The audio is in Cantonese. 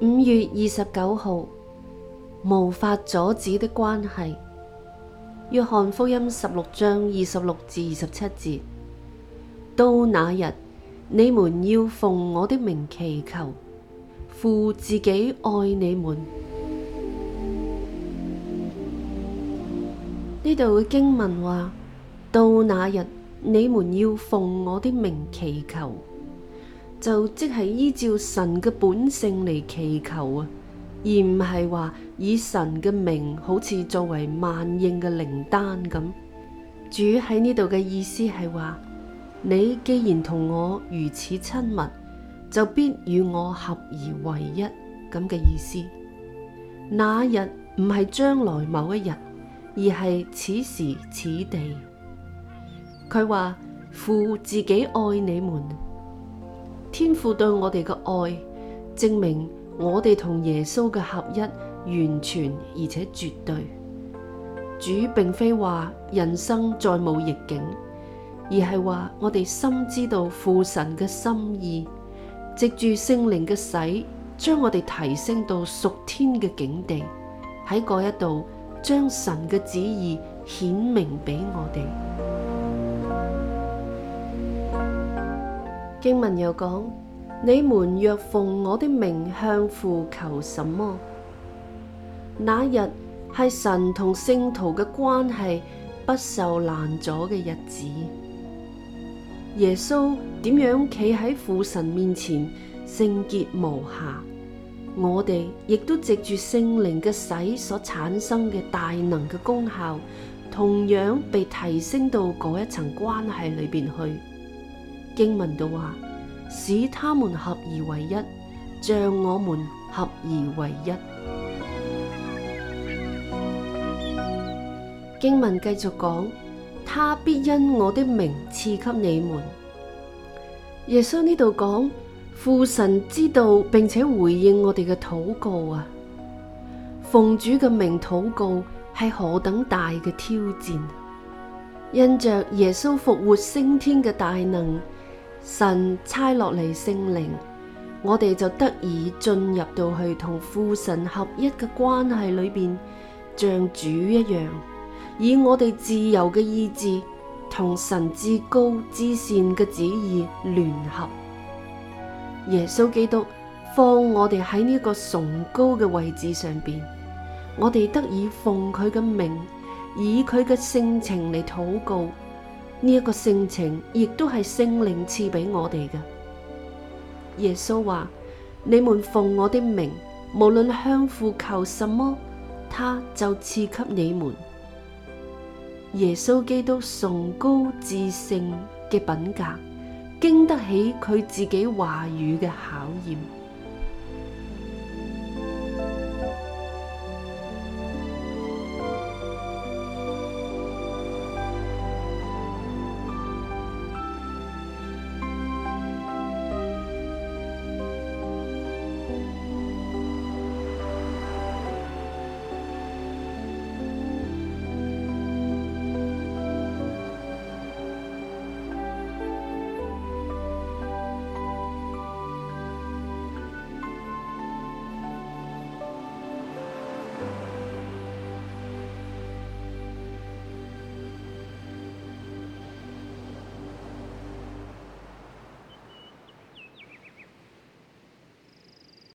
五月二十九號，無法阻止的關係。約翰福音十六章二十六至二十七節：到那日，你們要奉我的名祈求，父自己愛你們。呢度嘅經文話：到那日，你們要奉我的名祈求。就即係依照神嘅本性嚟祈求啊，而唔係話以神嘅名好似作為萬應嘅靈丹咁。主喺呢度嘅意思係話，你既然同我如此親密，就必與我合而為一咁嘅意思。那日唔係將來某一日，而係此時此地。佢話父自己愛你們。天父對我哋嘅愛，證明我哋同耶穌嘅合一完全而且絕對。主並非話人生再無逆境，而係話我哋深知道父神嘅心意，藉住聖靈嘅洗將我哋提升到屬天嘅境地，喺嗰一度將神嘅旨意顯明俾我哋。經文又講：你們若奉我的名向父求什麼，那日係神同聖徒嘅關係不受攔阻嘅日子。耶穌點樣企喺父神面前聖潔無瑕，我哋亦都藉住聖靈嘅洗所產生嘅大能嘅功效，同樣被提升到嗰一層關係裏面去。經文度話，使他們合而為一，像我們合而為一。經文繼續講，他必因我的名賜給你們。耶穌呢度講，父神知道並且回應我哋嘅禱告啊！奉主嘅名禱告係何等大嘅挑戰！因着耶穌復活升天嘅大能。神差落嚟聖靈，我哋就得以進入到去同父神合一嘅關係裏邊，像主一樣，以我哋自由嘅意志同神至高之善嘅旨意聯合。耶穌基督放我哋喺呢個崇高嘅位置上邊，我哋得以奉佢嘅名，以佢嘅性情嚟禱告。呢一個性情亦都係聖靈賜俾我哋嘅。耶穌話：你們奉我的名，無論向父求什麼，他就賜給你們。耶穌基督崇高至聖嘅品格，經得起佢自己話語嘅考驗。